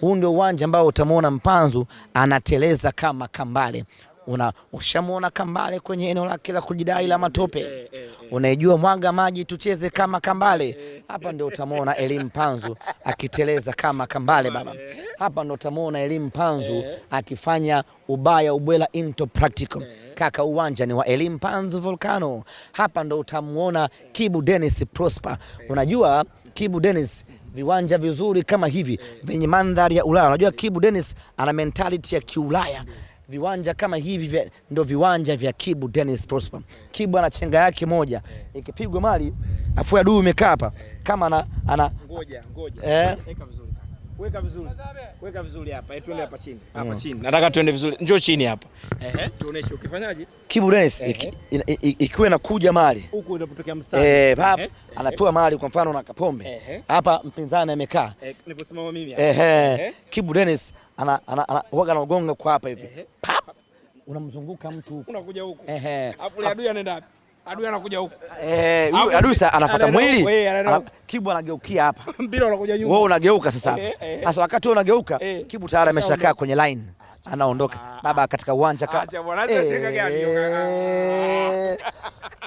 Huu ndio uwanja ambao utamwona Mpanzu anateleza kama Kambale. Una ushamwona Kambale kwenye eneo lake la kujidai la matope, eh, eh, eh, unaijua mwaga maji tucheze kama Kambale. Hapa ndio utamwona elimu panzu akiteleza kama Kambale baba. Hapa ndio utamwona elimu panzu akifanya ubaya ubwela into practical kaka. Uwanja ni wa elimu panzu Volcano. Hapa ndo utamwona Kibu Dennis Prosper. Unajua Kibu Dennis viwanja vizuri kama hivi vyenye mandhari ya Ulaya. Unajua Kibu Dennis ana mentality ya Kiulaya. Viwanja kama hivi ndio viwanja vya Kibu Dennis Prosper. Kibu ana chenga yake moja ikipigwa mali afu ya duu imekaa hapa kama ana, ana, ngoja ngoja, eh, Weka vizuri. Weka vizuri hapa. Eh, twende hapa chini. Mm. Hapa chini. Nataka twende vizuri. Njoo chini hapa. Ehe, tuoneshe ukifanyaje? Kibu Dennis ikiwa inakuja mali. Huko inapotokea mstari. Eh, hapa anapewa mali kwa mfano na Kapombe. Hapa mpinzani amekaa. Eh, niposimama mimi hapa. Ehe. Kibu Dennis ana ana ana anaoga anagonga kwa hapa hivi. Pap. Unamzunguka mtu huko. Unakuja huko. Ehe. Alafu adui anaenda wapi? adui anakuja huko eh, huyu adui sasa anafuata mwili eh, Kibu anageukia hapa mpira unakuja nyuma, wewe unageuka sasa eh, hapa eh, eh. Sasa wakati wewe unageuka eh, Kibu tayari ameshakaa kwenye line anaondoka ah, baba ah. katika uwanja ka... acha bwana acha eh. chenga gani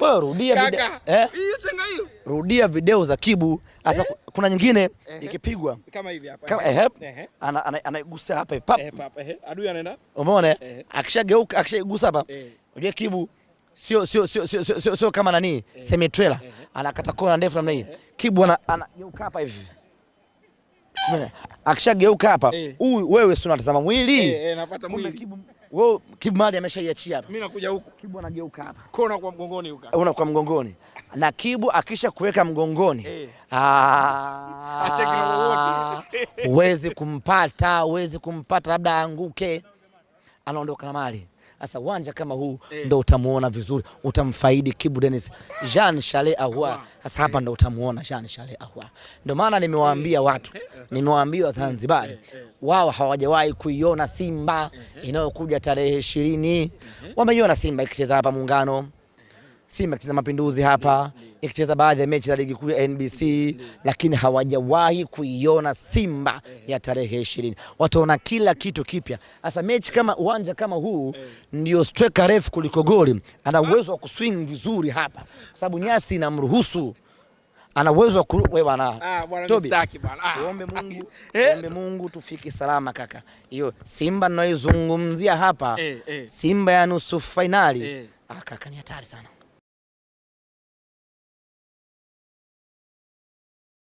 wewe rudia video eh? hiyo rudia video za Kibu sasa eh? kuna nyingine eh, ikipigwa kama hivi hapa kama eh, eh, ana anaigusa hapa pap eh, pap eh, adui anaenda umeona eh, akishageuka akishaigusa hapa eh. Kibu sio sio sio sio sio sio sio kama nani eh. semi trailer eh, eh. anakata kona ndefu namna hii, Kibu anageuka hapa hivi, akishageuka hapa huyu, wewe si unatazama mwili eh, napata mwili wewe. Kibu mali ameshaiachia hapa, mimi nakuja huku, Kibu anageuka hapa, kona kwa mgongoni huko, una kwa mgongoni na Kibu akisha kuweka mgongoni ah wote uweze kumpata, uweze kumpata, labda anguke anaondoka na mali sasa uwanja kama huu eh. ndo utamuona vizuri, utamfaidi Kibu Denis Jean Shale Ahoua. Sasa hapa ndo utamuona Jean Shale Ahoua. Ndio maana nimewaambia eh, watu, eh, nimewaambia Wazanzibari wao hawajawahi kuiona Simba inayokuja tarehe ishirini. Wameiona Simba ikicheza hapa Muungano Simba kicheza Mapinduzi hapa ikicheza baadhi ya mechi za ligi kuu ya NBC Lakini hawajawahi kuiona Simba ya tarehe ishirini. Wataona kila kitu kipya. Sasa mechi kama uwanja kama huu ndio striker refu kuliko goli, ana uwezo wa kuswing vizuri hapa kwa sababu nyasi inamruhusu ana uwezo tuombe Mungu tufike salama kaka. Hiyo Simba ninayozungumzia hapa eh, eh. Simba ya nusu fainali eh. Ah, kaka ni hatari sana.